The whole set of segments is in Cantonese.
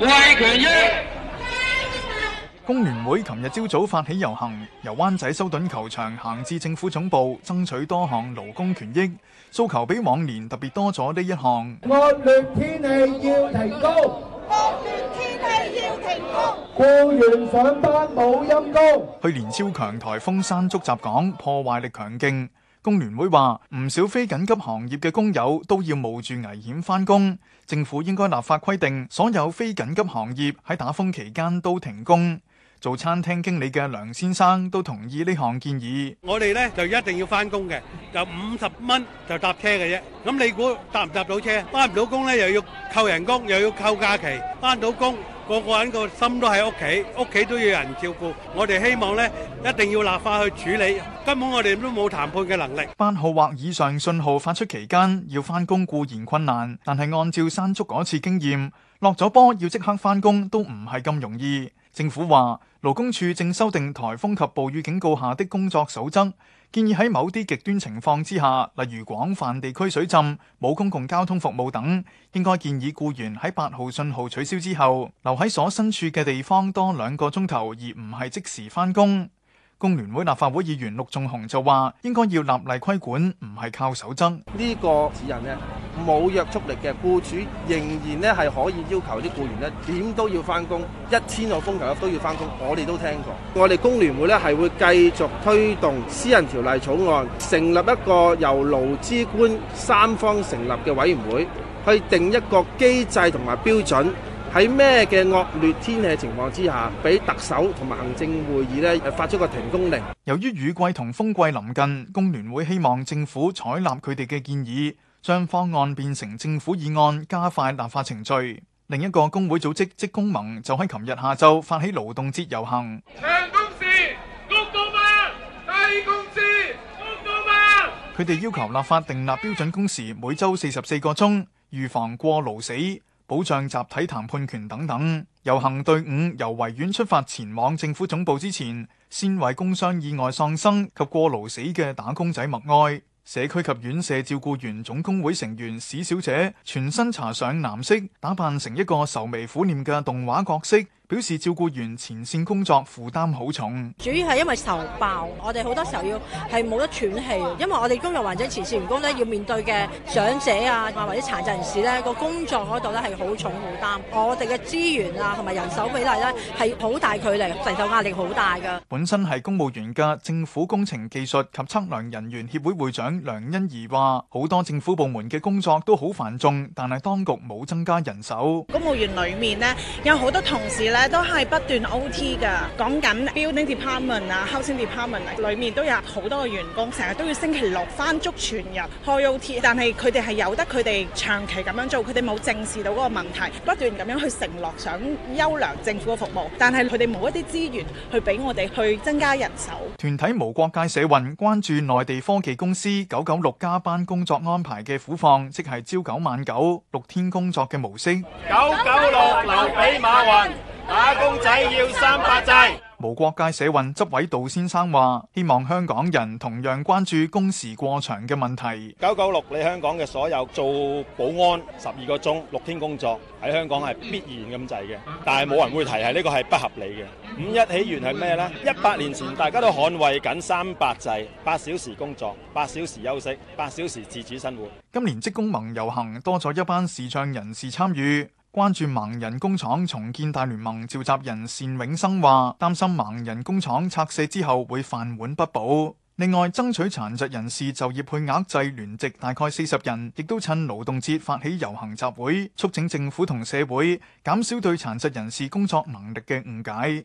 為權益，工聯會琴日朝早發起遊行，由灣仔修頓球場行至政府總部，爭取多項勞工權益，訴求比往年特別多咗呢一項。惡劣天氣要停工，惡劣天氣要停工，過完上班冇陰功。去年超強颱風山竹襲港，破壞力強勁。工聯會話：唔少非緊急行業嘅工友都要冒住危險返工，政府應該立法規定所有非緊急行業喺打風期間都停工。做餐廳經理嘅梁先生都同意呢項建議。我哋呢就一定要翻工嘅，就五十蚊就搭車嘅啫。咁你估搭唔搭到車？翻唔到工呢，又要扣人工，又要扣假期。翻到工個個人個心都喺屋企，屋企都要人照顧。我哋希望呢一定要立法去處理，根本我哋都冇談判嘅能力。八號或以上信號發出期間，要翻工固然困難，但係按照山竹嗰次經驗，落咗波要即刻翻工都唔係咁容易。政府話勞工處正修訂颱風及暴雨警告下的工作守則，建議喺某啲極端情況之下，例如廣泛地區水浸、冇公共交通服務等，應該建議僱員喺八號信號取消之後，留喺所身處嘅地方多兩個鐘頭，而唔係即時返工。工聯會立法會議員陸仲雄就話：應該要立例規管，唔係靠守則呢個指引呢？冇約束力嘅雇主仍然咧係可以要求啲雇員咧點都要返工，一千個風球日都要返工。我哋都聽過， 我哋工聯會咧係會繼續推動私人條例草案，成立一個由勞資官三方成立嘅委員會，去定一個機制同埋標準，喺咩嘅惡劣天氣情況之下，俾特首同埋行政會議咧發出個停工令。由於雨季同風季臨近，工聯會希望政府採納佢哋嘅建議。將方案變成政府議案，加快立法程序。另一個工會組織職工盟就喺琴日下晝發起勞動節遊行。長工時，工到慢；低工時，工到慢。佢哋要求立法訂立標準工時，每周四十四個鐘，預防過勞死，保障集體談判權等等。遊行隊伍由維園出發前往政府總部之前，先為工傷意外喪生及過勞死嘅打工仔默哀。社區及院舍照顧員總工會成員史小姐全身搽上藍色，打扮成一個愁眉苦臉嘅動畫角色。表示照顧員前線工作負擔好重，主要係因為谷爆，我哋好多時候要係冇得喘氣，因為我哋工作環境前線員工呢要面對嘅長者啊，或者殘疾人士呢個工作嗰度呢係好重負擔，我哋嘅資源啊同埋人手比例呢係好大距離，承受壓力好大㗎。本身係公務員嘅政府工程技術及測量人員協會會會長梁欣怡話，好多政府部門嘅工作都好繁重，但係當局冇增加人手。公務員裡面呢，有好多同事。咧都係不斷 OT 嘅，講緊 Building Department 啊、Housing Department，裡面都有好多嘅員工，成日都要星期六返足全日開 OT，但係佢哋係由得佢哋長期咁樣做，佢哋冇正視到嗰個問題，不斷咁樣去承諾想優良政府嘅服務，但係佢哋冇一啲資源去俾我哋去增加人手。團體無國界社運關注內地科技公司九九六加班工作安排嘅苦況，即係朝九晚九、六天工作嘅模式。九九六留俾馬雲。打工仔要三八制，無國界社運執委杜先生話：，希望香港人同樣關注工時過長嘅問題。九九六你香港嘅所有做保安十二個鐘六天工作喺香港係必然咁滯嘅，但係冇人會提係呢個係不合理嘅。五一起源係咩呢？一百年前大家都捍衛緊三八制，八小時工作，八小時休息，八小時自主生活。今年職工盟遊行多咗一班視障人士參與。關注盲人工廠重建大聯盟召集人單永生話，擔心盲人工廠拆卸之後會飯碗不保。另外，爭取殘疾人士就業配額制聯席大概四十人，亦都趁勞動節發起遊行集會，促請政府同社會減少對殘疾人士工作能力嘅誤解。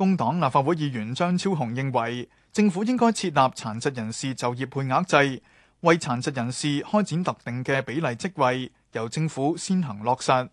工黨立法會議員張超雄認為，政府應該設立殘疾人士就業配額制，為殘疾人士開展特定嘅比例職位，由政府先行落實。